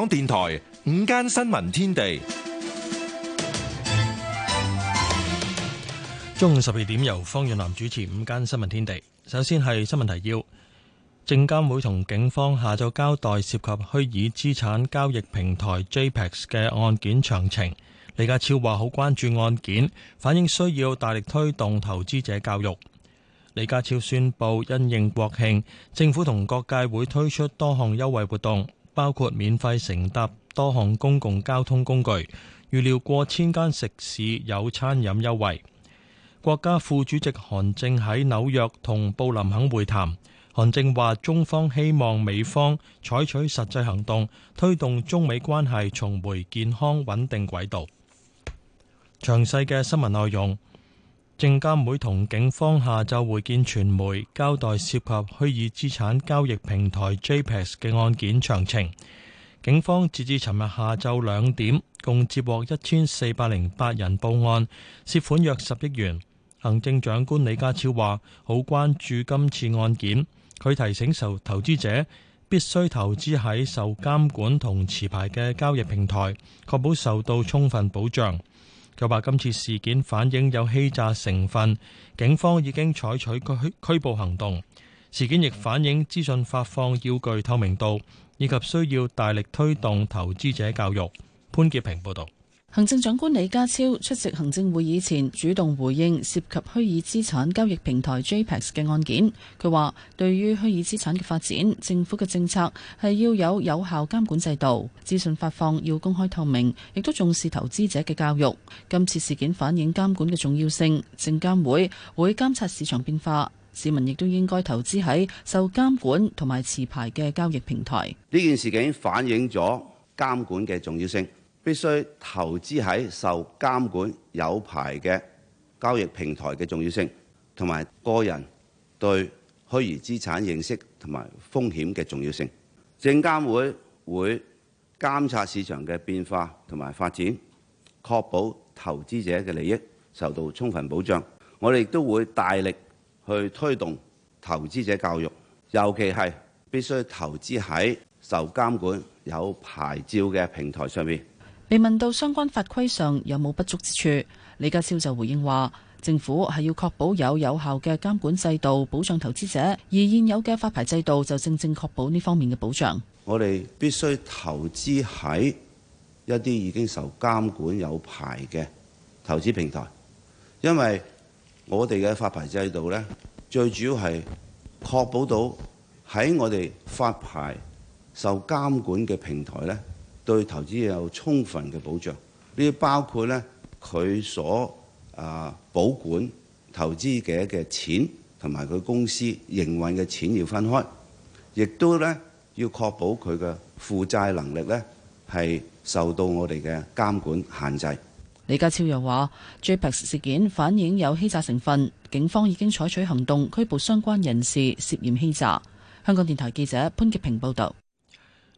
港電台午間新聞天地，中午十二點由方遠南主持午間新聞天地。首先係新聞提要：證監會同警方下晝交代涉及虛擬資產交易平台 JPEX 嘅案件詳情。李家超話好關注案件，反映需要大力推動投資者教育。李家超宣布因應國慶，政府同各界會推出多項優惠活動。包括免費乘搭多項公共交通工具，預料過千間食肆有餐飲優惠。國家副主席韓正喺紐約同布林肯會談，韓正話中方希望美方採取實際行動，推動中美關係重回健康穩定軌道。詳細嘅新聞內容。證監會同警方下晝會見傳媒，交代涉及虛擬資產交易平台 JPEX 嘅案件詳情。警方截至尋日下晝兩點，共接獲一千四百零八人報案，涉款約十億元。行政長官李家超話好關注今次案件，佢提醒受投資者必須投資喺受監管同持牌嘅交易平台，確保受到充分保障。佢話今次事件反映有欺詐成分，警方已經採取拘捕拘捕行動，事件亦反映資訊發放要具透明度，以及需要大力推動投資者教育。潘潔平報道。行政長官李家超出席行政會議前，主動回應涉及虛擬資產交易平台 JPEX 嘅案件。佢話，對於虛擬資產嘅發展，政府嘅政策係要有有效監管制度，資訊發放要公開透明，亦都重視投資者嘅教育。今次事件反映監管嘅重要性，證監會會監察市場變化，市民亦都應該投資喺受監管同埋持牌嘅交易平台。呢件事件反映咗監管嘅重要性。必須投資喺受監管有牌嘅交易平台嘅重要性，同埋個人對虛擬資產認識同埋風險嘅重要性。證監會會監察市場嘅變化同埋發展，確保投資者嘅利益受到充分保障。我哋亦都會大力去推動投資者教育，尤其係必須投資喺受監管有牌照嘅平台上面。被問到相關法規上有冇不足之處，李家超就回應話：政府係要確保有有效嘅監管制度保障投資者，而現有嘅發牌制度就正正確保呢方面嘅保障。我哋必須投資喺一啲已經受監管有牌嘅投資平台，因為我哋嘅發牌制度呢，最主要係確保到喺我哋發牌受監管嘅平台呢。對投資有充分嘅保障，呢包括咧佢所啊保管投資者嘅錢同埋佢公司營運嘅錢要分開，亦都咧要確保佢嘅負債能力咧係受到我哋嘅監管限制。李家超又話：JPEX 事件反映有欺詐成分，警方已經採取行動拘捕相關人士涉嫌欺詐。香港電台記者潘潔平報導。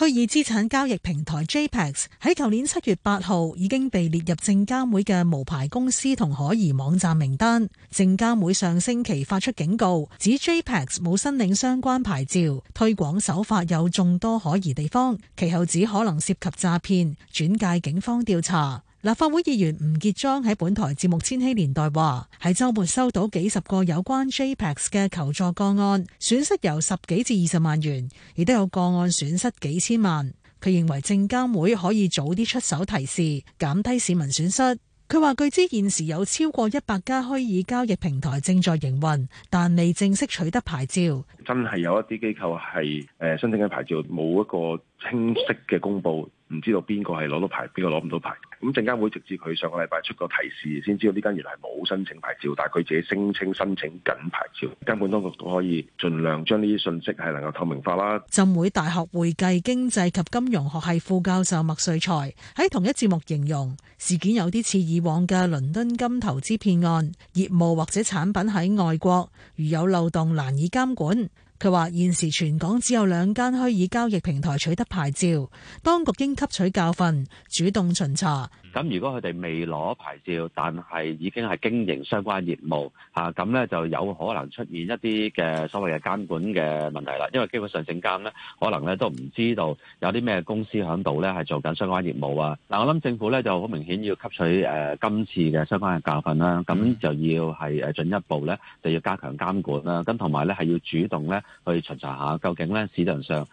虛擬資產交易平台 JPEX 喺去年七月八號已經被列入證監會嘅無牌公司同可疑網站名單。證監會上星期發出警告，指 JPEX 冇申領相關牌照，推廣手法有眾多可疑地方，其後只可能涉及詐騙，轉介警方調查。立法會議員吳傑莊喺本台節目《千禧年代》話：喺週末收到幾十個有關 JPEX 嘅求助個案，損失由十幾至二十萬元，亦都有個案損失幾千萬。佢認為證監會可以早啲出手提示，減低市民損失。佢話據知現時有超過一百家虛擬交易平台正在營運，但未正式取得牌照。真係有一啲機構係誒、呃、申請嘅牌照，冇一個清晰嘅公佈。唔知道邊個係攞到牌，邊個攞唔到牌。咁證監會直至佢上個禮拜出個提示，先知道呢間原來係冇申請牌照，但係佢自己聲稱申請緊牌照。監管當局都可以盡量將呢啲信息係能夠透明化啦。浸會大學會計經濟及金融學系副教授麥瑞才喺同一節目形容，事件有啲似以往嘅倫敦金投資騙案，業務或者產品喺外國，如有漏洞難以監管。佢話：現時全港只有兩間虛擬交易平台取得牌照，當局應吸取教訓，主動巡查。咁如果佢哋未攞牌照，但係已經係經營相關業務吓，咁咧就有可能出現一啲嘅所謂嘅監管嘅問題啦。因為基本上證監咧，可能咧都唔知道有啲咩公司響度咧係做緊相關業務啊。嗱，我諗政府咧就好明顯要吸取誒今次嘅相關嘅教訓啦。咁就要係誒進一步咧，就要加強監管啦。咁同埋咧係要主動咧去巡查下，究竟咧市場上誒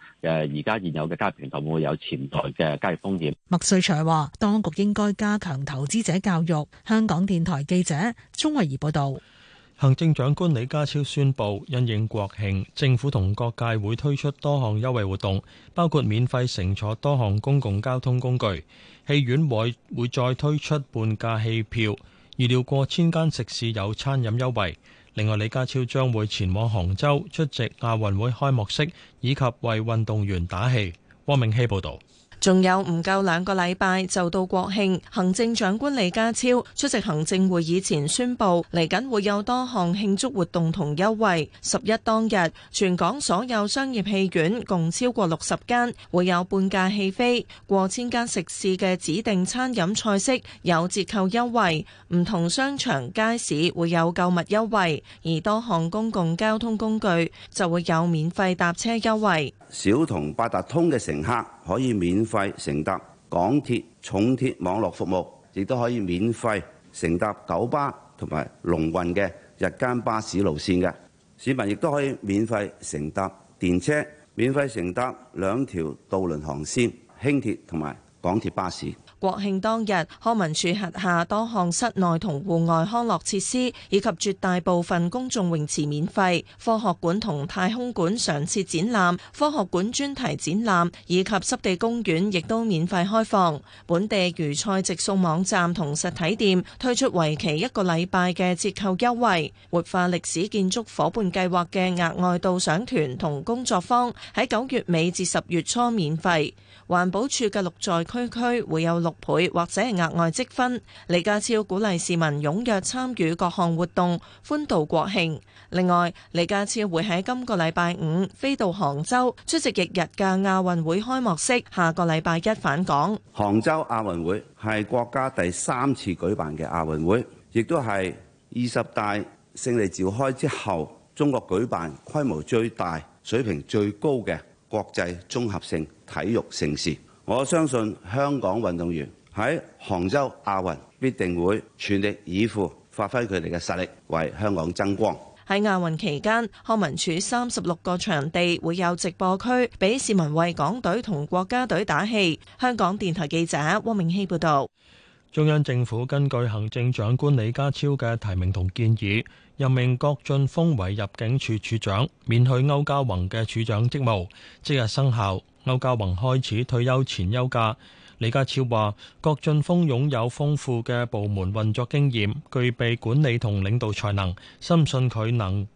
而家現有嘅交易平台會有潛在嘅交易風險。麥瑞祥話，當局應該。加強投資者教育。香港電台記者鍾慧儀報道，行政長官李家超宣布，因應國慶，政府同各界會推出多項優惠活動，包括免費乘坐多項公共交通工具，戲院會會再推出半價戲票，預料過千間食肆有餐飲優惠。另外，李家超將會前往杭州出席亞運會開幕式，以及為運動員打氣。汪明希報道。仲有唔夠兩個禮拜就到國慶，行政長官李家超出席行政會議前宣布，嚟緊會有多項慶祝活動同優惠。十一當日，全港所有商業戲院共超過六十間會有半價戲飛，過千間食肆嘅指定餐飲菜式有折扣優惠，唔同商場街市會有購物優惠，而多項公共交通工具就會有免費搭車優惠。小童八達通嘅乘客可以免費乘搭港鐵、重鐵網絡服務，亦都可以免費乘搭九巴同埋龍運嘅日間巴士路線嘅市民，亦都可以免費乘搭電車，免費乘搭兩條渡輪航線、輕鐵同埋港鐵巴士。國慶當日，康文署轄下多項室內同戶外康樂設施以及絕大部分公眾泳池免費。科學館同太空館常設展覽、科學館專題展覽以及濕地公園亦都免費開放。本地魚菜直送網站同實體店推出為期一個禮拜嘅折扣優惠。活化歷史建築夥伴計劃嘅額外導賞團同工作坊喺九月尾至十月初免費。環保署嘅綠在區區會有六倍或者係額外積分。李家超鼓勵市民踴躍參與各項活動，歡度國慶。另外，李家超會喺今個禮拜五飛到杭州出席翌日嘅亞運會開幕式，下個禮拜一返港。杭州亞運會係國家第三次舉辦嘅亞運會，亦都係二十大勝利召開之後，中國舉辦規模最大、水平最高嘅國際綜合性體育盛事，我相信香港運動員喺杭州亞運必定會全力以赴，發揮佢哋嘅實力，為香港爭光。喺亞運期間，康文署三十六個場地會有直播區，俾市民為港隊同國家隊打氣。香港電台記者汪明熙報導。中央政府根據行政長官李家超嘅提名同建議，任命郭俊峰為入境處處長，免去歐嘉宏嘅處長職務，即日生效。歐嘉宏開始退休前休假，李家超話郭俊峰擁有豐富嘅部門運作經驗，具備管理同領導才能，深信佢能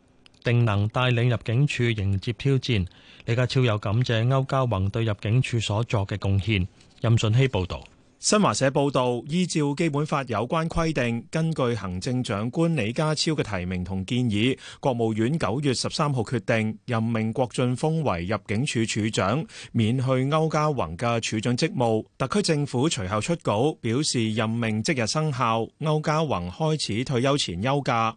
定能帶領入境處迎接挑戰。李家超又感謝歐嘉宏對入境處所作嘅貢獻。任信希報道。新華社報道，依照基本法有關規定，根據行政長官李家超嘅提名同建議，國務院九月十三號決定任命郭俊峰為入境處處長，免去歐家宏嘅處長職務。特區政府隨後出稿表示，任命即日生效，歐家宏開始退休前休假。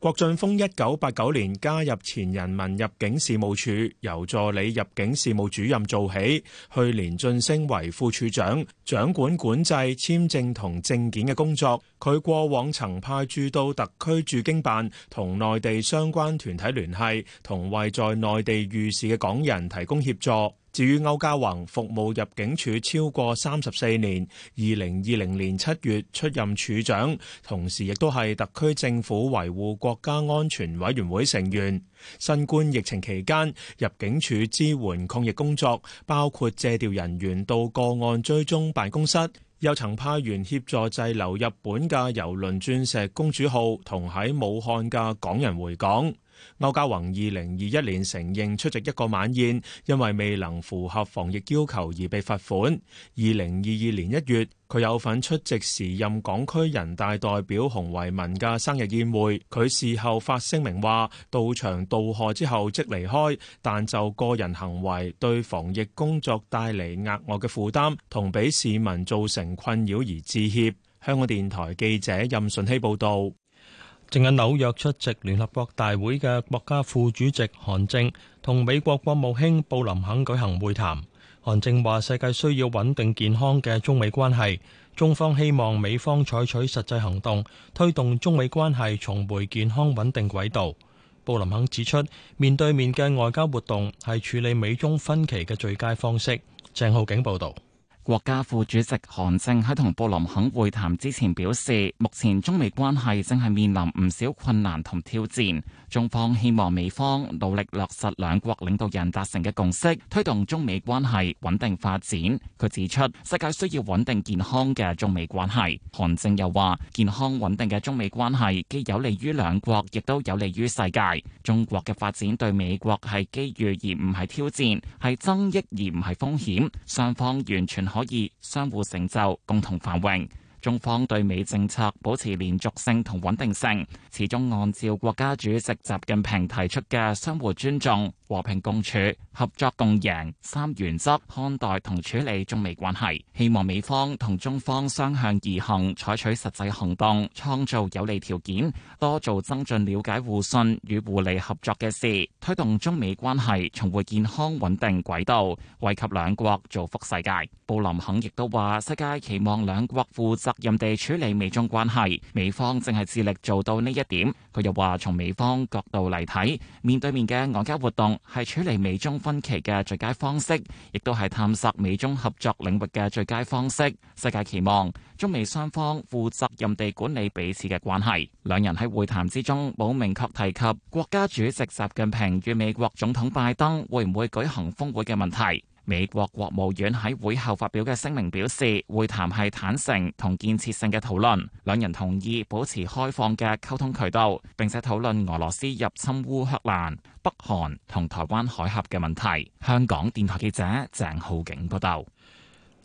郭俊峰一九八九年加入前人民入境事務處，由助理入境事務主任做起，去年晉升為副處長，掌管管制簽證同證件嘅工作。佢過往曾派駐到特區駐京辦，同內地相關團體聯繫，同為在內地遇事嘅港人提供協助。至於區嘉宏，服務入境處超過三十四年，二零二零年七月出任處長，同時亦都係特區政府維護國家安全委員會成員。新冠疫情期間，入境處支援抗疫工作，包括借調人員到個案追蹤辦公室，又曾派員協助滯留日本嘅郵輪「鑽石公主號」同喺武漢嘅港人回港。歐嘉宏二零二一年承認出席一個晚宴，因為未能符合防疫要求而被罰款。二零二二年一月，佢有份出席時任港區人大代表洪為民嘅生日宴會，佢事後發聲明話，到場道賀之後即離開，但就個人行為對防疫工作帶嚟額外嘅負擔，同俾市民造成困擾而致歉。香港電台記者任順希報道。正喺紐約出席聯合國大會嘅國家副主席韓正同美國國務卿布林肯舉行會談。韓正話：世界需要穩定健康嘅中美關係，中方希望美方採取實際行動，推動中美關係重回健康穩定軌道。布林肯指出，面對面嘅外交活動係處理美中分歧嘅最佳方式。鄭浩景報導。國家副主席韓正喺同布林肯會談之前表示，目前中美關係正係面臨唔少困難同挑戰。中方希望美方努力落實兩國領導人達成嘅共識，推動中美關係穩定發展。佢指出，世界需要穩定健康嘅中美關係。韓正又話健康穩定嘅中美關係既有利於兩國，亦都有利於世界。中國嘅發展對美國係機遇而唔係挑戰，係增益而唔係風險。雙方完全可以相互成就，共同繁榮。中方對美政策保持連續性同穩定性，始終按照國家主席習近平提出嘅相互尊重、和平共處、合作共贏三原則看待同處理中美關係。希望美方同中方相向而行，採取實際行動，創造有利條件，多做增進了解互信與互利合作嘅事，推動中美關係重回健康穩定軌道，惠及兩國，造福世界。布林肯亦都話：世界期望兩國互。責任地處理美中關係，美方正係致力做到呢一點。佢又話：從美方角度嚟睇，面對面嘅外交活動係處理美中分歧嘅最佳方式，亦都係探索美中合作領域嘅最佳方式。世界期望中美雙方負責任地管理彼此嘅關係。兩人喺會談之中冇明確提及國家主席習近平與美國總統拜登會唔會舉行峰會嘅問題。美國國務院喺會後發表嘅聲明表示，會談係坦誠同建設性嘅討論，兩人同意保持開放嘅溝通渠道，並且討論俄羅斯入侵烏克蘭、北韓同台灣海峽嘅問題。香港電台記者鄭浩景報道，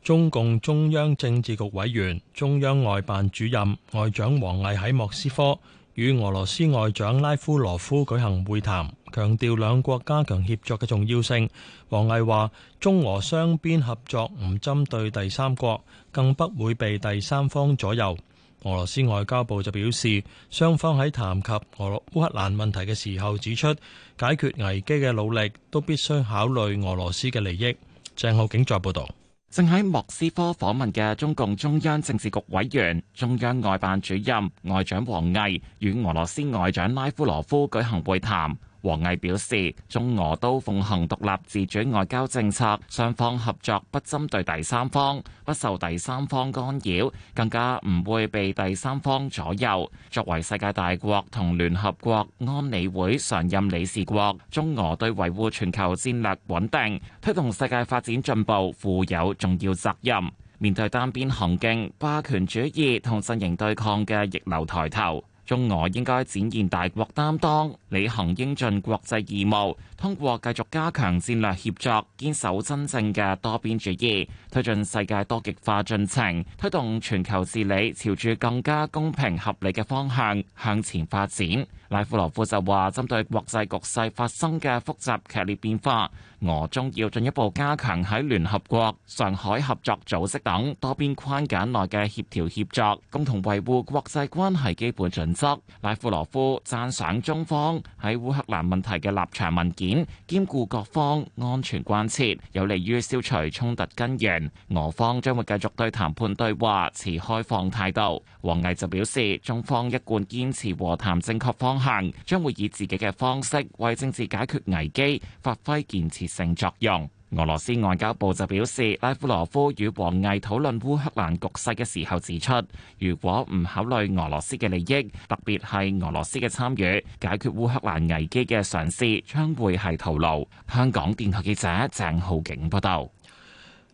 中共中央政治局委員、中央外辦主任外長王毅喺莫斯科與俄羅斯外長拉夫羅夫舉行會談，強調兩國加強協作嘅重要性。王毅話：中俄雙邊合作唔針對第三國，更不會被第三方左右。俄羅斯外交部就表示，雙方喺談及俄羅烏克蘭問題嘅時候指出，解決危機嘅努力都必須考慮俄羅斯嘅利益。鄭浩景再報道，正喺莫斯科訪問嘅中共中央政治局委員、中央外辦主任、外長王毅與俄羅斯外長拉夫羅夫舉行會談。王毅表示，中俄都奉行獨立自主外交政策，雙方合作不針對第三方，不受第三方干擾，更加唔會被第三方左右。作為世界大國同聯合國安理會常任理事國，中俄對維護全球戰略穩定、推動世界發展進步負有重要責任。面對單邊行徑、霸權主義同陣營對抗嘅逆流抬頭，中俄應該展現大國擔當，履行應盡國際義務，通過繼續加強戰略協作，堅守真正嘅多邊主義，推進世界多極化進程，推動全球治理朝住更加公平合理嘅方向向前發展。拉夫羅夫就話：針對國際局勢發生嘅複雜劇烈變化，俄中要進一步加強喺聯合國、上海合作組織等多邊框架內嘅協調協作，共同維護國際關係基本準。則拉夫羅夫讚賞中方喺烏克蘭問題嘅立場文件，兼顧各方安全關切，有利於消除衝突根源。俄方將會繼續對談判對話持開放態度。王毅就表示，中方一貫堅持和談正確方向，將會以自己嘅方式為政治解決危機發揮建設性作用。俄羅斯外交部就表示，拉夫羅夫與王毅討論烏克蘭局勢嘅時候指出，如果唔考慮俄羅斯嘅利益，特別係俄羅斯嘅參與，解決烏克蘭危機嘅嘗試，將會係徒勞。香港電台記者鄭浩景報道。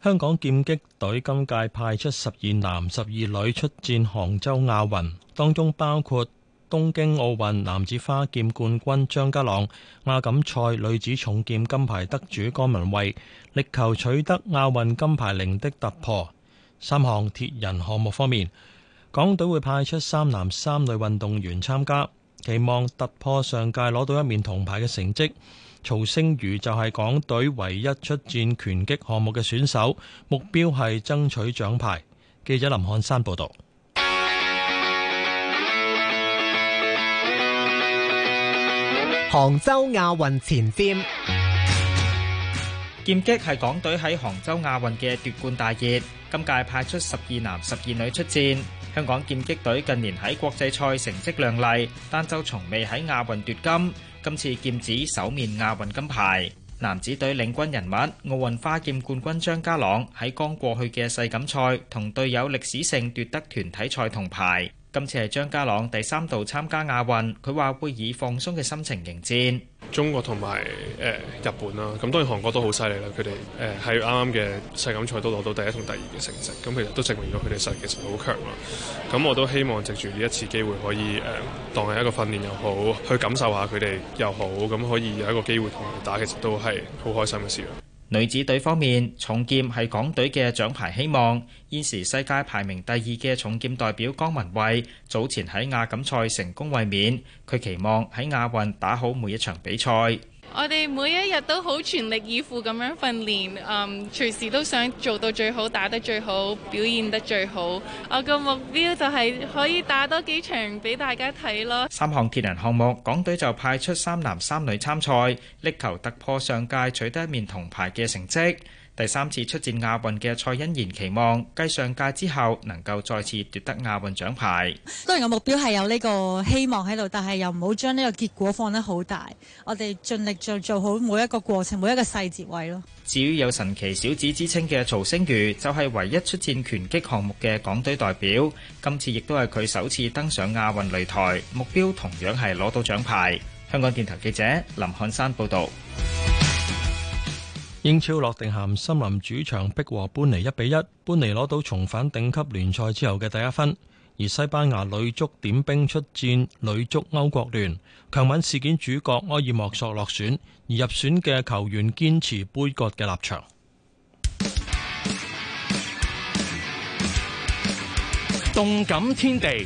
香港劍擊隊今屆派出十二男十二女出戰杭州亞運，當中包括，東京奧運男子花劍冠軍張家朗、亞錦賽女子重劍金牌得主江文慧，力求取得亞運金牌零的突破。三項鐵人項目方面，港隊會派出三男三女運動員參加，期望突破上屆攞到一面銅牌嘅成績。曹星如就係港隊唯一出戰拳擊項目嘅選手，目標係爭取獎牌。記者林漢山報道。杭州亞運前瞻，劍擊係港隊喺杭州亞運嘅奪冠大熱。今屆派出十二男十二女出戰。香港劍擊隊近年喺國際賽成績亮麗，但都從未喺亞運奪金。今次劍指首面亞運金牌。男子隊領軍人物奧運花劍冠軍張家朗喺剛過去嘅世錦賽同隊友歷史性奪得團體賽銅牌。今次係張家朗第三度參加亞運，佢話會以放鬆嘅心情迎戰。中國同埋誒日本啦，咁當然韓國都好犀利啦。佢哋誒喺啱啱嘅世錦賽都攞到第一同第二嘅成績，咁其實都證明咗佢哋實力其實好強咯。咁我都希望藉住呢一次機會可以誒當係一個訓練又好，去感受下佢哋又好，咁可以有一個機會同佢哋打，其實都係好開心嘅事。女子隊方面，重劍係港隊嘅獎牌希望。現時世界排名第二嘅重劍代表江文慧，早前喺亞錦賽成功衛冕。佢期望喺亞運打好每一場比賽。我哋每一日都好全力以赴咁樣訓練，嗯，隨時都想做到最好，打得最好，表現得最好。我個目標就係可以打多幾場俾大家睇咯。三項鐵人項目，港隊就派出三男三女參賽，力求突破上屆取得一面銅牌嘅成績。第三次出戰亞運嘅蔡欣然期望繼上屆之後能夠再次奪得亞運獎牌。當然，個目標係有呢個希望喺度，但係又唔好將呢個結果放得好大。我哋盡力做做好每一個過程，每一個細節位咯。至於有神奇小子之稱嘅曹星如，就係唯一出戰拳擊項目嘅港隊代表。今次亦都係佢首次登上亞運擂台，目標同樣係攞到獎牌。香港電台記者林漢山報道。英超落定咸森林主場逼和般尼一比一，般尼攞到重返頂級聯賽之後嘅第一分。而西班牙女足點兵出戰女足歐國聯，強吻事件主角埃爾莫索落選，而入選嘅球員堅持杯葛嘅立場。動感天地。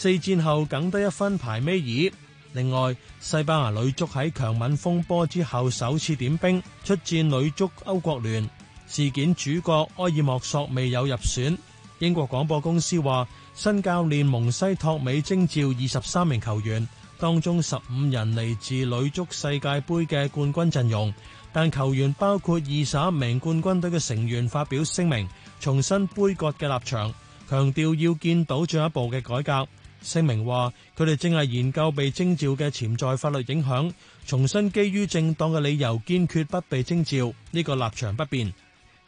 四戰後僅得一分排尾二，另外西班牙女足喺強吻風波之後首次點兵，出戰女足歐國聯。事件主角埃爾莫索未有入選。英國廣播公司話，新教練蒙西托美徵召二十三名球員，當中十五人嚟自女足世界杯嘅冠軍陣容，但球員包括二十一名冠軍隊嘅成員發表聲明，重申杯葛嘅立場，強調要見到進一步嘅改革。聲明話，佢哋正係研究被徵召嘅潛在法律影響，重新基於正當嘅理由堅決不被徵召，呢個立場不變。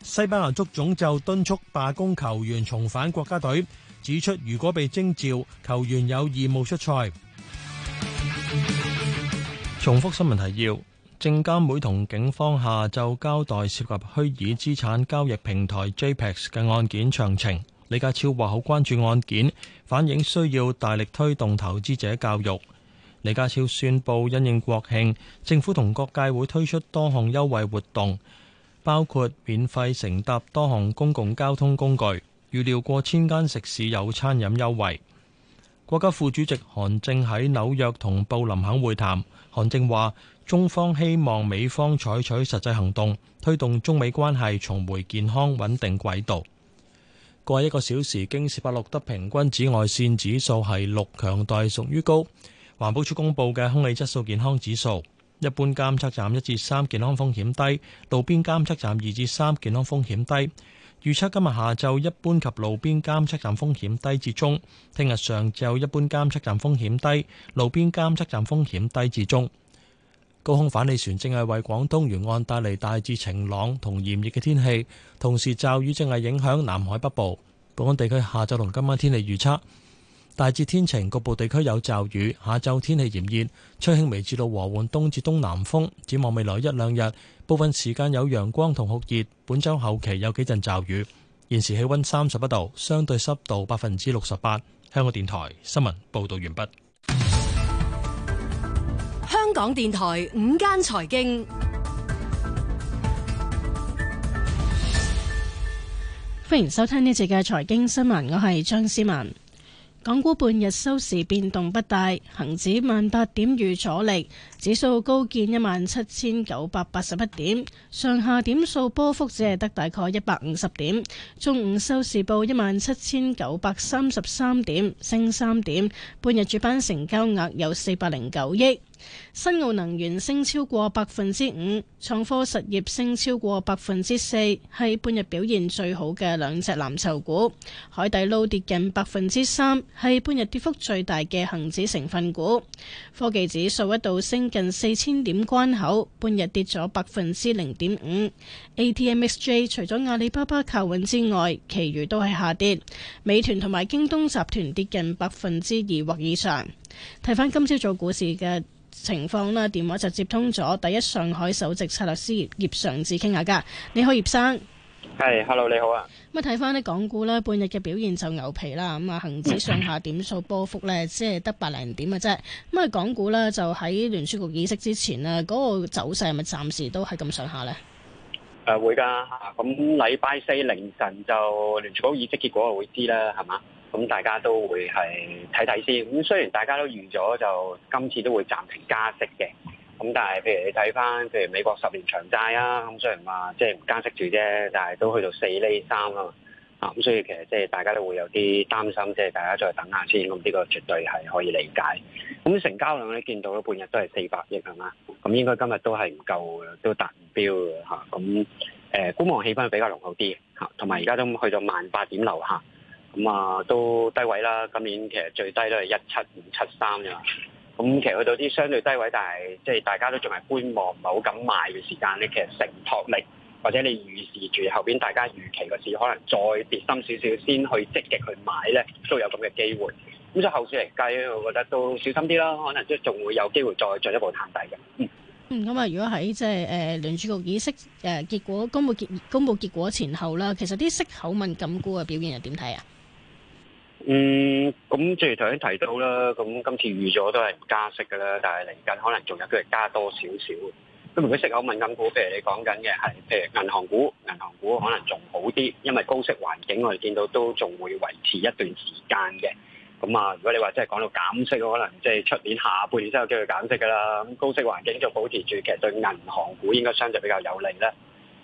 西班牙足總就敦促罷工球員重返國家隊，指出如果被徵召，球員有義務出賽。重複新聞提要：證監會同警方下晝交代涉及虛擬資產交易平台 JPEX 嘅案件詳情。李家超話好關注案件，反映需要大力推動投資者教育。李家超宣布因應國慶，政府同各界會推出多項優惠活動，包括免費乘搭多項公共交通工具。預料過千間食肆有餐飲優惠。國家副主席韓正喺紐約同布林肯會談，韓正話中方希望美方採取實際行動，推動中美關係重回健康穩定軌道。過去一個小時，經攝錄得平均紫外線指數係六強，代屬於高。環保署公布嘅空氣質素健康指數，一般監測站一至三健康風險低，路邊監測站二至三健康風險低。預測今日下晝一般及路邊監測站風險低至中，聽日上晝一般監測站風險低，路邊監測站風險低至中。高空反氣旋正係為廣東沿岸帶嚟大致晴朗同炎熱嘅天氣，同時驟雨正係影響南海北部。本港地區下晝同今晚天氣預測大致天晴，局部地區有驟雨。下晝天氣炎熱，吹輕微至到和緩東至東南風，展望未來一兩日，部分時間有陽光同酷熱，本周後期有幾陣驟雨。現時氣溫三十一度，相對濕度百分之六十八。香港電台新聞報道完畢。香港電台五間財經，歡迎收聽呢次嘅財經新聞。我係張思文。港股半日收市變動不大，恒指萬八點遇阻力，指數高見一萬七千九百八十一點，上下點數波幅只係得大概一百五十點。中午收市報一萬七千九百三十三點，升三點。半日主板成交額有四百零九億。新奧能源升超過百分之五，創科實業升超過百分之四，係半日表現最好嘅兩隻藍籌股。海底撈跌近百分之三，係半日跌幅最大嘅恒指成分股。科技指數一度升近四千點關口，半日跌咗百分之零點五。ATMXJ 除咗阿里巴巴靠穩之外，其餘都係下跌。美團同埋京東集團跌近百分之二或以上。睇翻今朝早股市嘅情況啦，電話就接通咗第一上海首席策略師葉尚志傾下噶。你好，葉生。係、hey,，hello，你好啊。咁啊，睇翻啲港股咧，半日嘅表現就牛皮啦。咁啊，恒指上下點數波幅咧，即係得百零點嘅啫。咁啊，港股咧就喺聯儲局議息之前啊，嗰、那個走勢係咪暫時都係咁上下咧？誒，會噶。咁禮拜四凌晨就聯儲局議息結果啊，會知啦，係嘛。咁大家都會係睇睇先，咁雖然大家都預咗就今次都會暫停加息嘅，咁但係譬如你睇翻譬如美國十年長債啊，咁雖然話即係唔加息住啫，但係都去到四厘三啊，啊咁所以其實即係大家都會有啲擔心，即係大家再等下先，咁呢個絕對係可以理解。咁成交量你見到半日都係四百億係嘛？咁應該今日都係唔夠，都達唔標嘅嚇，咁誒觀望氣氛比較濃厚啲嚇，同埋而家都去到萬八點樓下。咁啊，都低位啦。今年其實最低都係一七五七三啫。咁其實去到啲相對低位，但係即係大家都仲係觀望，唔係好敢買嘅時間咧。其實承托力或者你預視住後邊大家預期個市可能再跌深少少，先去積極去買咧，都有咁嘅機會。咁所以後市嚟計，我覺得都小心啲啦，可能即係仲會有機會再進一步探底嘅。嗯，咁啊、嗯，如果喺即係誒聯儲局議息誒結果公布結公佈結,結,結果前後啦，其實啲息口敏感股嘅表現又點睇啊？嗯，咁正如頭先提到啦，咁今次預咗都係唔加息㗎啦，但係嚟緊可能仲有機會加多少少。咁如果息口敏感股，譬如你講緊嘅係，譬如銀行股，銀行股可能仲好啲，因為高息環境我哋見到都仲會維持一段時間嘅。咁啊，如果你話即係講到減息，可能即係出年下半年先有機會減息㗎啦。咁高息環境仲保持住，其實對銀行股應該相對比較有利啦。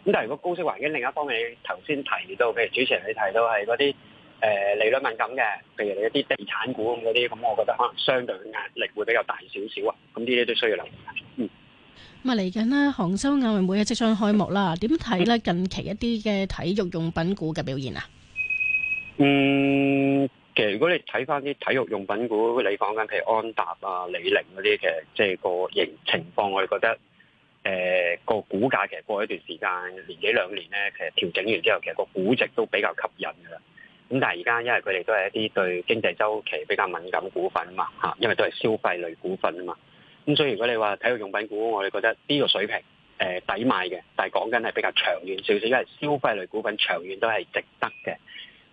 咁但係如果高息環境另一方面，頭先提到，譬如主持人你提到係嗰啲。誒、呃，利率敏感嘅，譬如你一啲地產股咁嗰啲，咁、嗯、我覺得可能相對壓力會比較大少少啊。咁呢啲都需要留意。嗯，咁啊嚟緊咧，杭州亞運會即將開幕啦。點睇咧？近期一啲嘅體育用品股嘅表現啊？嗯，其實如果你睇翻啲體育用品股，你講緊譬如安踏啊、李寧嗰啲，其實即係個形情況，我哋覺得誒、呃那個股價其實過一段時間，年幾兩年咧，其實調整完之後，其實個估值都比較吸引噶啦。咁但係而家，因為佢哋都係一啲對經濟周期比較敏感股份啊嘛，嚇，因為都係消費類股份啊嘛。咁所以如果你話體育用品股，我哋覺得呢個水平誒、呃、抵買嘅，但係講緊係比較長遠少少，因為消費類股份長遠都係值得嘅。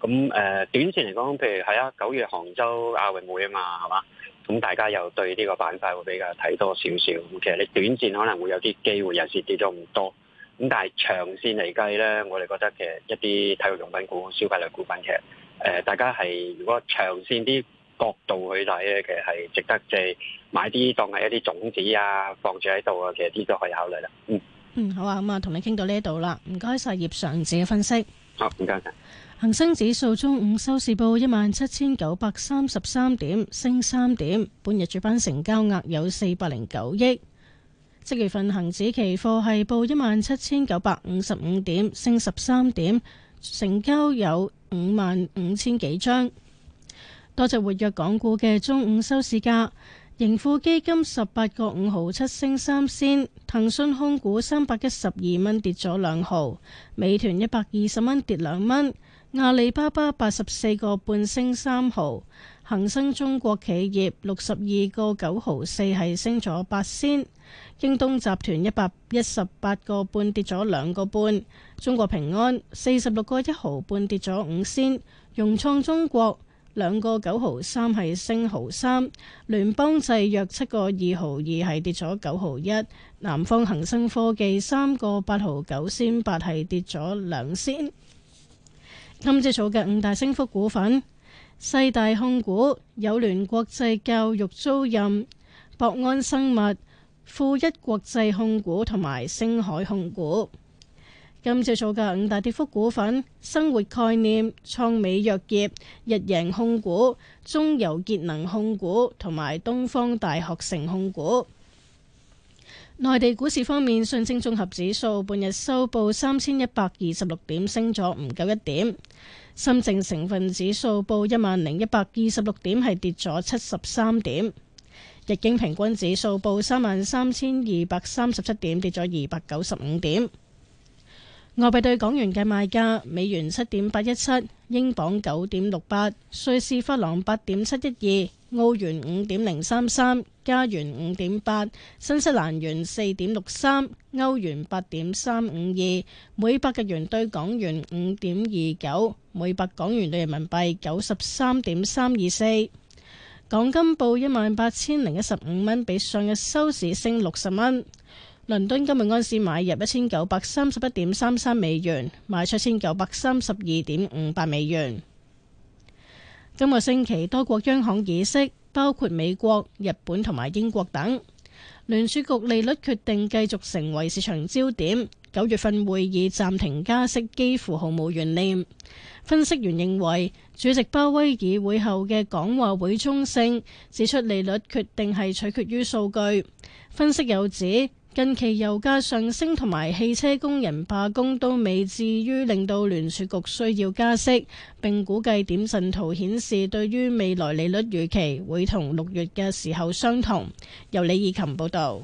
咁誒、呃，短線嚟講，譬如係啊，九月杭州亞運會啊嘛，係嘛，咁大家又對呢個板塊會比較睇多少少。其實你短線可能會有啲機會，有時跌咗唔多。咁但係長線嚟計咧，我哋覺得其實一啲體育用品股、消費類股品，其實誒、大家係如果長線啲角度去睇咧，其實係值得即係買啲當係一啲種子啊，放住喺度啊，其實啲都可以考慮啦。嗯，嗯，好啊，咁啊，同你傾到呢度啦，唔該晒葉尚志嘅分析。好，唔該嘅。恒生指數中午收市報一萬七千九百三十三點，升三點。本日主板成交額有四百零九億。即月份恒指期貨係報一萬七千九百五十五點，升十三點，成交有五萬五千幾張。多隻活躍港股嘅中午收市價，盈富基金十八個五毫七升三仙，騰訊控股三百一十二蚊跌咗兩毫，美團一百二十蚊跌兩蚊，阿里巴巴八十四個半升三毫，恒生中國企業六十二個九毫四係升咗八仙。京東集團一百一十八個半跌咗兩個半，中國平安四十六個一毫半跌咗五仙，融創中國兩個九毫三係升毫三，聯邦製藥七個二毫二係跌咗九毫一，南方恒生科技三個八毫九仙八係跌咗兩仙。今朝早嘅五大升幅股份：世大控股、友聯國際教育租賃、博安生物。富一國際控股同埋星海控股，今次做嘅五大跌幅股份：生活概念、創美藥業、日盈控股、中油潔能控股同埋東方大學城控股。內地股市方面，上證綜合指數半日收報三千一百二十六點，升咗唔夠一點；深證成分指數報一萬零一百二十六點，係跌咗七十三點。日經平均指數報三萬三千二百三十七點，跌咗二百九十五點。外幣兌港元嘅賣價：美元七點八一七，英鎊九點六八，瑞士法郎八點七一二，澳元五點零三三，加元五點八，新西蘭元四點六三，歐元八點三五二，每百日元兌港元五點二九，每百港元兌人民幣九十三點三二四。港金報一萬八千零一十五蚊，比上日收市升六十蚊。倫敦今日開市買入一千九百三十一點三三美元，賣出一千九百三十二點五八美元。今個星期多國央行議息，包括美國、日本同埋英國等。聯儲局利率決定繼續成為市場焦點。九月份會議暫停加息，幾乎毫無懸念。分析員認為，主席鮑威爾會後嘅講話會中性，指出利率決定係取決於數據。分析有指。近期油價上升同埋汽車工人罷工都未至於令到聯儲局需要加息。並估計點陣圖顯示，對於未來利率預期會同六月嘅時候相同。由李以琴報道。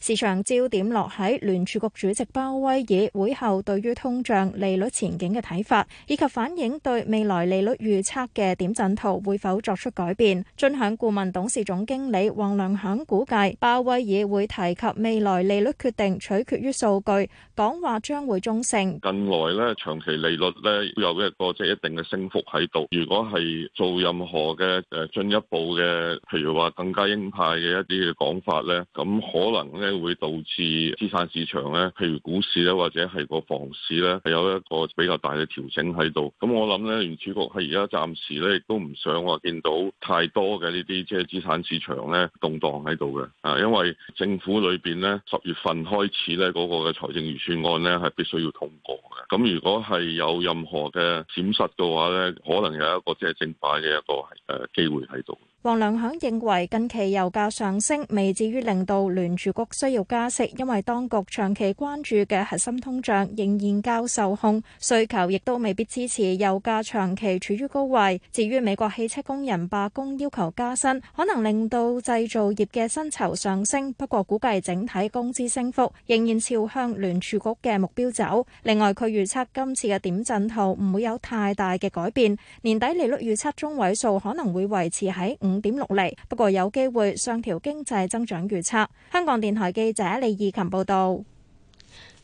市場焦點落喺聯儲局主席鮑威爾會後對於通脹、利率前景嘅睇法，以及反映對未來利率預測嘅點陣圖會否作出改變。尊享顧問董事總經理黃良享估計，鮑威爾會提及未來利率決定取決於數據，講話將會中性。近來咧，長期利率咧有一個即係一定嘅升幅喺度。如果係做任何嘅誒進一步嘅，譬如話更加鷹派嘅一啲嘅講法咧，咁可能咧。會導致資產市場咧，譬如股市咧，或者係個房市咧，係有一個比較大嘅調整喺度。咁我諗咧，聯儲局喺而家暫時咧，亦都唔想話見到太多嘅呢啲即係資產市場咧動盪喺度嘅。啊，因為政府裏邊咧，十月份開始咧，嗰個嘅財政預算案咧，係必須要通過嘅。咁如果係有任何嘅閃失嘅話咧，可能有一個即係正敗嘅一個誒機會喺度。黃良享認為，近期油價上升未至於令到聯儲局需要加息，因為當局長期關注嘅核心通脹仍然較受控，需求亦都未必支持油價長期處於高位。至於美國汽車工人罷工要求加薪，可能令到製造業嘅薪酬上升，不過估計整體工資升幅仍然朝向聯儲局嘅目標走。另外，佢預測今次嘅點陣圖唔會有太大嘅改變，年底利率預測中位數可能會維持喺。五點六厘。不過有機會上調經濟增長預測。香港電台記者李義琴報道，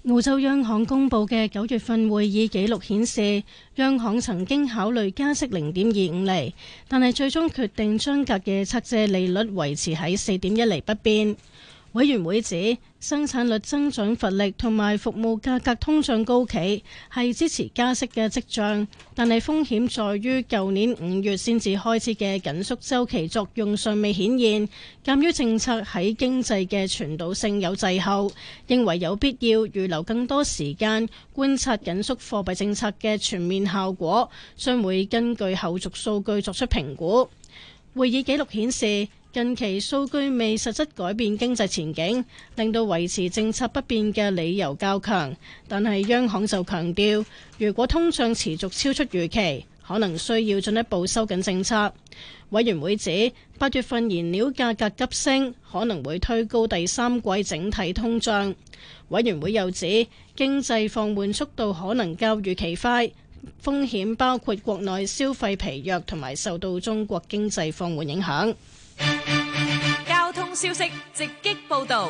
澳洲央行公布嘅九月份會議記錄顯示，央行曾經考慮加息零點二五厘，但係最終決定將隔夜拆借利率維持喺四點一厘不變。委員會指生產率增長乏力同埋服務價格通脹高企係支持加息嘅跡象，但係風險在於舊年五月先至開始嘅緊縮週期作用尚未顯現。鑑於政策喺經濟嘅傳導性有滯後，認為有必要預留更多時間觀察緊縮貨幣政策嘅全面效果，將會根據後續數據作出評估。會議記錄顯示，近期數據未實質改變經濟前景，令到維持政策不變嘅理由較強。但係，央行就強調，如果通脹持續超出預期，可能需要進一步收緊政策。委員會指，八月份燃料價格急升，可能會推高第三季整體通脹。委員會又指，經濟放緩速度可能較預期快，風險包括國內消費疲弱同埋受到中國經濟放緩影響。消息直擊報道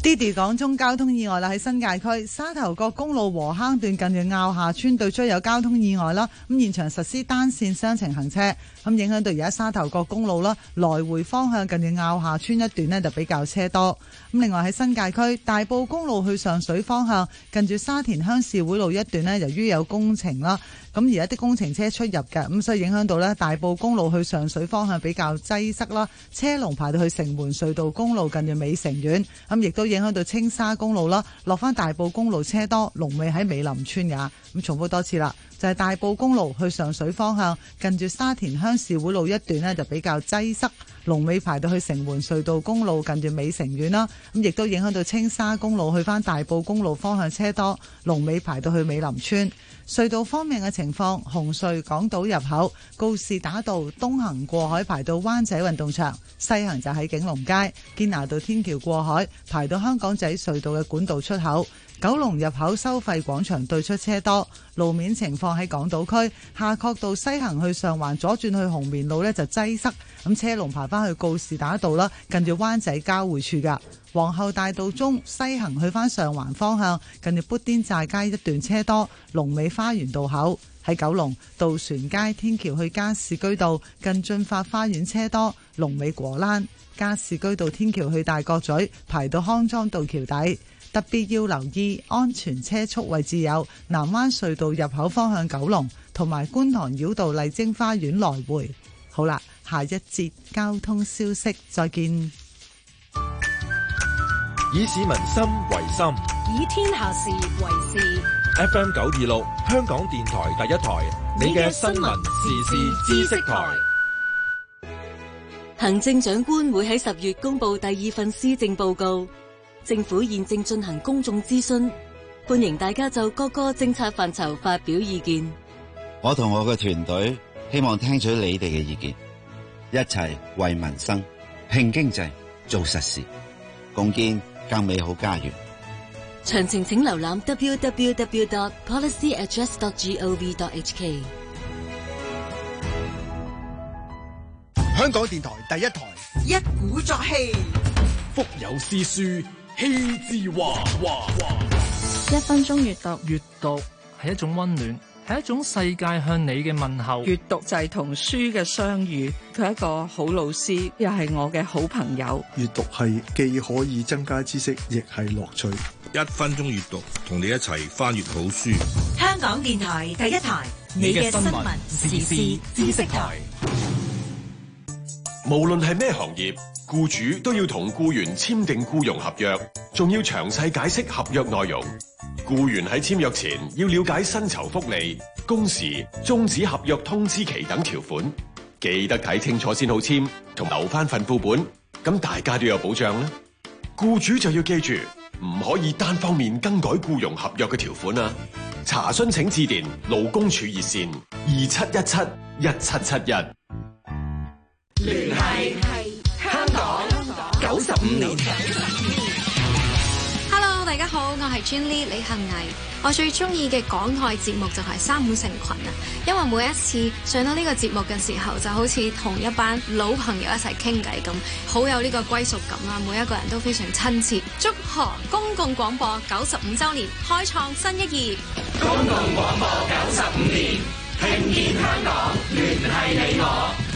Diddy 講：弟弟中交通意外啦，喺新界區沙頭角公路禾坑段近嘅坳下村對出有交通意外啦，咁現場實施單線雙程行車。咁影響到而家沙頭角公路啦，來回方向近住坳下村一段呢，就比較車多。咁另外喺新界區大埔公路去上水方向，近住沙田鄉事會路一段呢，由於有工程啦，咁而家啲工程車出入嘅，咁所以影響到呢，大埔公路去上水方向比較擠塞啦，車龍排到去城門隧道公路近住美城苑，咁亦都影響到青沙公路啦，落翻大埔公路車多，龍尾喺美林村也。咁重複多次啦。就係大埔公路去上水方向，近住沙田鄉事會路一段呢，就比較擠塞，龍尾排到去城門隧道公路近住美城苑啦。咁亦都影響到青沙公路去翻大埔公路方向車多，龍尾排到去美林村。隧道方面嘅情況，紅隧港島入口告士打道東行過海排到灣仔運動場，西行就喺景隆街堅拿道天橋過海排到香港仔隧道嘅管道出口。九龍入口收費廣場對出車多。路面情況喺港島區夏慤道西行去上環左轉去紅棉路呢就擠塞，咁車龍排翻去告士打道啦，近住灣仔交匯處噶。皇后大道中西行去翻上環方向，近住砵甸乍街一段車多，龍尾花園道口。喺九龍渡船街天橋去加士居道近駿發花園車多，龍尾果欄加士居道天橋去大角咀排到康莊道橋底。特別要留意安全車速位置，有南灣隧道入口方向九龍，同埋觀塘繞道麗晶花園來回。好啦，下一節交通消息，再見。以市民心為心，以天下事為事。FM 九二六，香港電台第一台，你嘅新聞時事知識台。行政長官會喺十月公布第二份施政報告。政府現正進行公眾諮詢，歡迎大家就各個政策範疇發表意見。我同我嘅團隊希望聽取你哋嘅意見，一齊為民生、拼經濟、做實事，共建更美好家園。詳情請瀏覽 www.policyaddress.gov.hk。香港電台第一台，一鼓作氣，腹有詩書。氣質話話話，一分鐘閱讀，閱讀係一種温暖，係一種世界向你嘅問候。閱讀就係同書嘅相遇，佢係一個好老師，又係我嘅好朋友。閱讀係既可以增加知識，亦係樂趣。一分鐘閱讀，同你一齊翻閱好書。香港電台第一台，你嘅新聞時事知識台。無論係咩行業，僱主都要同僱員簽訂僱傭合約，仲要詳細解釋合約內容。僱員喺簽約前要了解薪酬、福利、工時、終止合約通知期等條款，記得睇清楚先好簽，同留翻份副本，咁大家都有保障啦。僱主就要記住，唔可以單方面更改僱傭合約嘅條款啊！查詢請致電勞工處熱線二七一七一七七一。聯繫香港九十五年。 Hello，大家好，我係 Jenny 李杏毅。我最中意嘅港台節目就係三五成群啦，因為每一次上到呢個節目嘅時候，就好似同一班老朋友一齊傾偈咁，好有呢個歸屬感啊。每一個人都非常親切。祝賀公共廣播九十五周年，開創新一頁。公共廣播九十五年，聽見香港，聯繫你我。